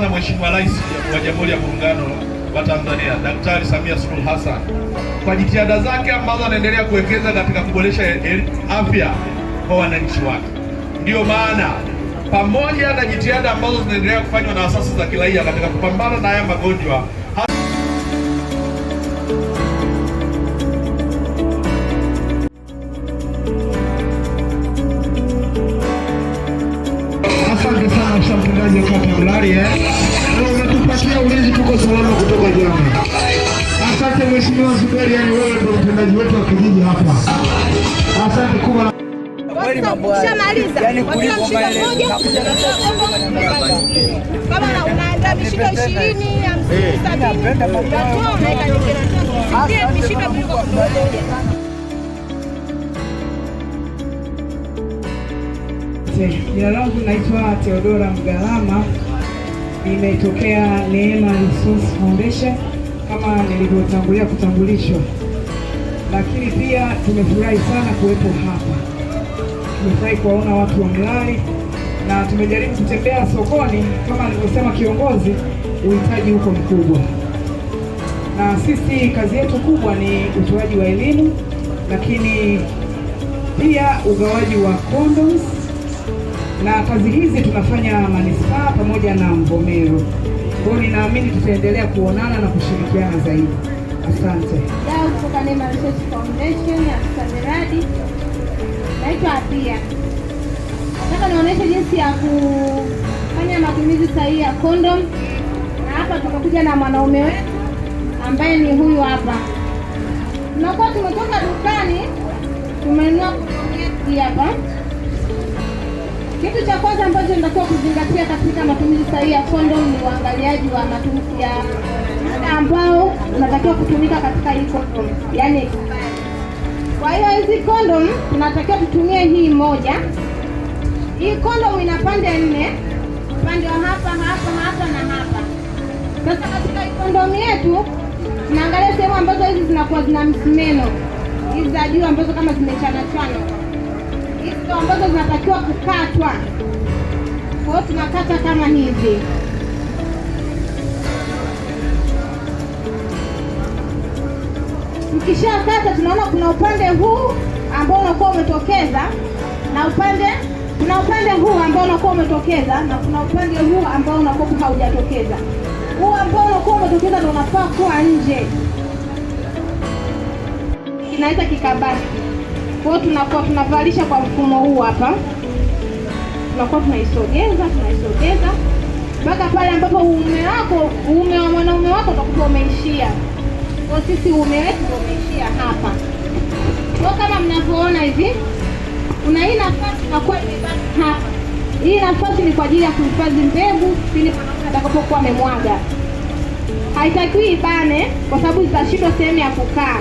sana Mheshimiwa Rais wa Jamhuri ya Muungano wa Tanzania Daktari Samia Suluhu Hassan kwa jitihada zake ambazo anaendelea kuwekeza katika kuboresha afya kwa wananchi wake. Ndiyo maana pamoja na jitihada ambazo zinaendelea kufanywa na asasi za kiraia katika kupambana na haya magonjwa ulinzi kwa Kamlari eh, umetupatia ulinzi, tuko salama kutoka jana. Asante mheshimiwa Zuberi, yani wewe ndio mtendaji wetu wa kijiji hapa. Asante kubwa. Kweli mambo haya. Yaani kuliko mbele. Kama unaanza mishika 20, 50, 70. Unaweka nyingine. Ndio mishika kuliko. wote. Jina langu naitwa Theodora Mgalama, nimetokea Neema Resource Foundation kama nilivyotangulia kutambulishwa, lakini pia tumefurahi sana kuwepo hapa. Tumefurahi kuwaona watu wa Mlali na tumejaribu kutembea sokoni, kama alivyosema kiongozi, uhitaji huko mkubwa, na sisi kazi yetu kubwa ni utoaji wa elimu, lakini pia ugawaji wa condoms na kazi hizi tunafanya manispaa pamoja na Mvomero. Kwa hiyo ninaamini tutaendelea kuonana na kushirikiana zaidi. Asante. Dau kutoka Neema Research Foundation ya naitwa Apia. Nataka nionyeshe jinsi ya kufanya matumizi sahihi ya kondom, na hapa tumekuja na mwanaume wetu ambaye ni huyu hapa. Tunakuwa tumetoka dukani, tumenunua hapa kitu cha kwanza ambacho natakiwa kuzingatia katika matumizi sahihi ya kondomu ni uangaliaji wa matumizi ya ambao unatakiwa kutumika katika hii kondomu, yaani Kwa hiyo hizi kondomu tunatakiwa tutumie hii moja. Hii kondomu ina pande nne, upande wa hapa, hapa, hapa na hapa. Sasa katika kondom kondomu yetu tunaangalia sehemu ambazo hizi zinakuwa zina msimeno hizi za juu ambazo kama zimechana chana sio ambazo zinatakiwa kukatwa. Kwa hiyo tunakata kama hivi. kata tunaona kuna upande huu ambao unakuwa umetokeza na upande, kuna upande huu ambao unakuwa umetokeza na kuna upande huu ambao unakuwa haujatokeza. Huu ambao unakuwa umetokeza ndio unafaa kuwa nje, kinaweza kikabaki kwa hiyo tunakuwa tunavalisha kwa mfumo huu hapa, tunakuwa tunaisogeza tunaisogeza mpaka pale ambapo uume wako uume wa mwanaume wako utakuwa umeishia. Kwa sisi uume wetu umeishia hapa. Kwa kama mnavyoona hivi, kuna hii nafasi inakuwa imebaki hapa. Hii nafasi ni kwa ajili ya kuhifadhi mbegu pindi mwanaume atakapokuwa amemwaga. Haitakiwi ibane kwa sababu itashindwa sehemu ya kukaa.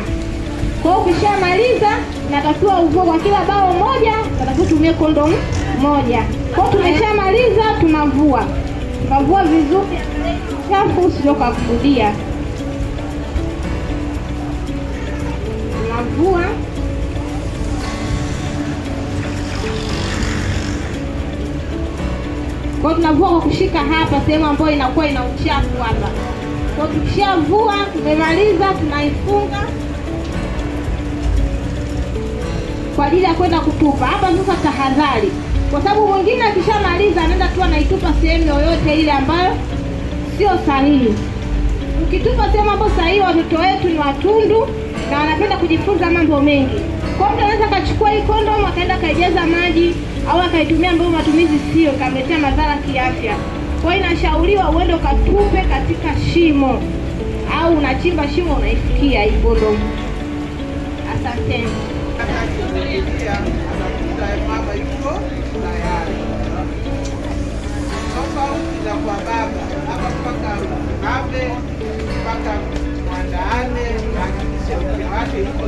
Kwa hiyo ukishamaliza natakiwa uvuo kwa kila bao moja, natakiwa tumie kondomu moja. Kwa tumeshamaliza tunavua, tunavua vizuri chafu usizokakudia, tunavua kwa tunavua kwa kushika hapa sehemu ambayo inakuwa ina uchafu hapa. Kwa tukishavua tumemaliza, tunaifunga kwa ajili ya kwenda kutupa hapa. Sasa tahadhari, kwa sababu mwingine akishamaliza anaenda tu anaitupa sehemu yoyote ile ambayo sio sahihi. Ukitupa sehemu ambayo sahihi, watoto wetu ni watundu na wanapenda kujifunza mambo mengi. Kwa mtu anaweza akachukua hii kondomu akaenda akaijaza maji au akaitumia ambayo matumizi sio, kamletea madhara kiafya. Kwa hiyo inashauriwa uende ukatupe katika shimo au unachimba shimo unaifikia hii kondomu. Asanteni. Pia anakula mama yuko tayari, tofauti na kwa baba hapa, mpaka ave mpaka mwandaane, hakikishe mke wake yuko